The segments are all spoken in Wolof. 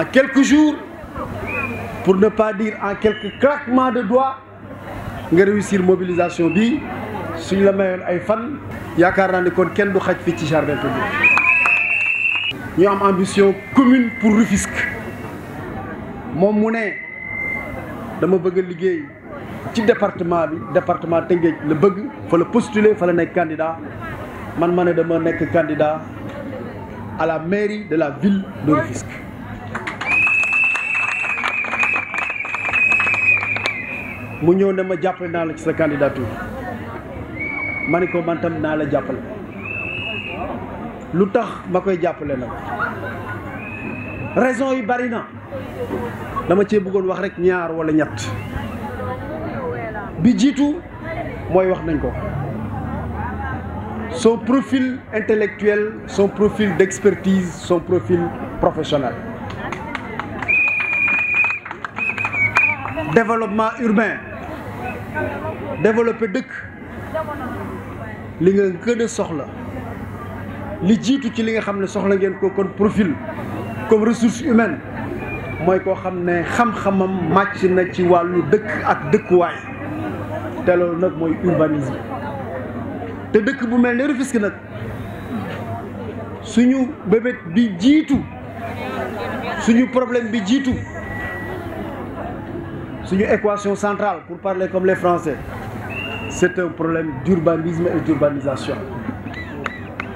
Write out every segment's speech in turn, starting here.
en quelques jours, pour ne pas dire en quelques claquements de doigts, nga réussir mobilisation bi suñ la mayoon ay fan y a ne kon kenn du xaj fi ci jardin Nous ambition commune pour Rufisque monnaie, je veux dama bëgg liggéey ci département bi département le la il faut le postuler fa le être candidat man ma dama candidat à la mairie de la ville de Rufisque mu ne ma jàppale naa la ci sa candidature Je ne ko man tam naa la suis lu tax ma koy raison yi bari dama cee bëggoon wax rek ñaar wala son profil intellectuel son profil d'expertise son profil professionnel développement urbain développer dëkk li nga gën soxla li jiitu ci li nga xam ne soxla ngeen ko kon profil comme ressource humaine mooy koo xam ne xam-xamam màcc na ci wàllu dëkk ak dëkkuwaay te loolu nag mooy urbanisme te dëkk bu mel ne Rufisque nag suñu bébét bi jiitu suñu problème bi jiitu une équation centrale pour parler comme les Français c'est un problème d'urbanisme et d'urbanisation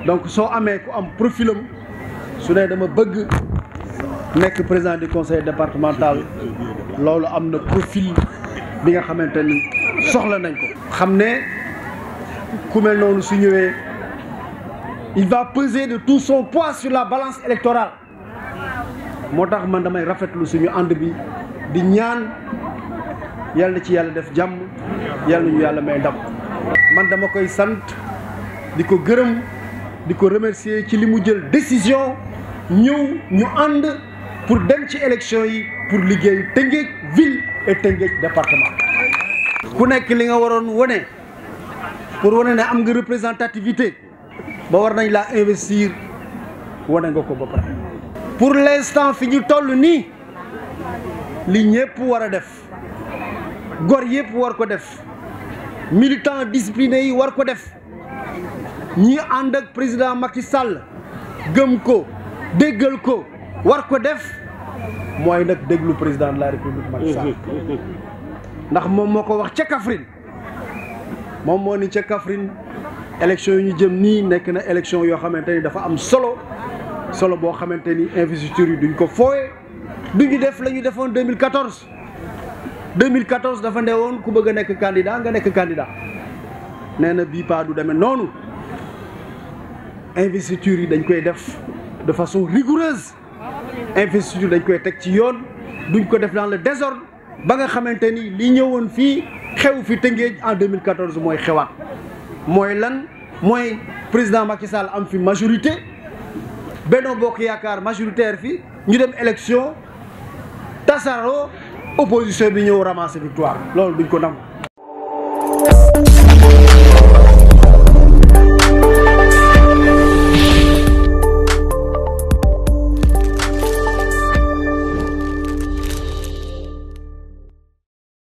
donc si on en un profil. su dama bëgg le président du conseil départemental loolu a profil bi nga soxla il va peser de tout son poids sur la balance électorale Je yàlla na ci yàlla def jàmm yàlla ñu yàlla may ndam man dama koy sant di ko gërëm di ko remercier ci li mu jël décision ñëw ñu ànd pour dem ci élection yi pour liggéey Tëngéej ville et Tëngéej département ku nekk li nga waroon wane pour wane ne am nga représentativité ba war nañ laa investir wane nga ko ba pare pour l'instant fi ñu toll nii li ñëpp war a def gor yëpp war ko def militant discipliné yi war ko def ñi ànd ak président Macky Sall gëm ko déggal ko war ko def mooy nag déglu président de la république Macky ndax moom moo ko wax ca Kaffrine moom moo ni ca Kaffrine élection yi ñu jëm nii nekk na élection yoo xamante ni dafa am solo solo boo xamante ni investiture yi duñ ko fooye duñu def la ñu defoon 2014 2014 dafa ne woon ku bëgg a nekk candidat nga nekk candidat nee na bii pas du demee noonu investiture yi dañ koy def de façon rigoureuse investiture dañ koy teg ci yoon duñ ko def dans le désordre ba nga xamante ni li ñëwoon fii xew fi Tëngéej en 2014 mooy xewaat mooy lan mooy président Macky Sall am fi majorité Benno Bokk Yaakaar majoritaire fi ñu dem élection tasaaroo. opposition bi ñëw ramasser victoire loolu duñ ko nangu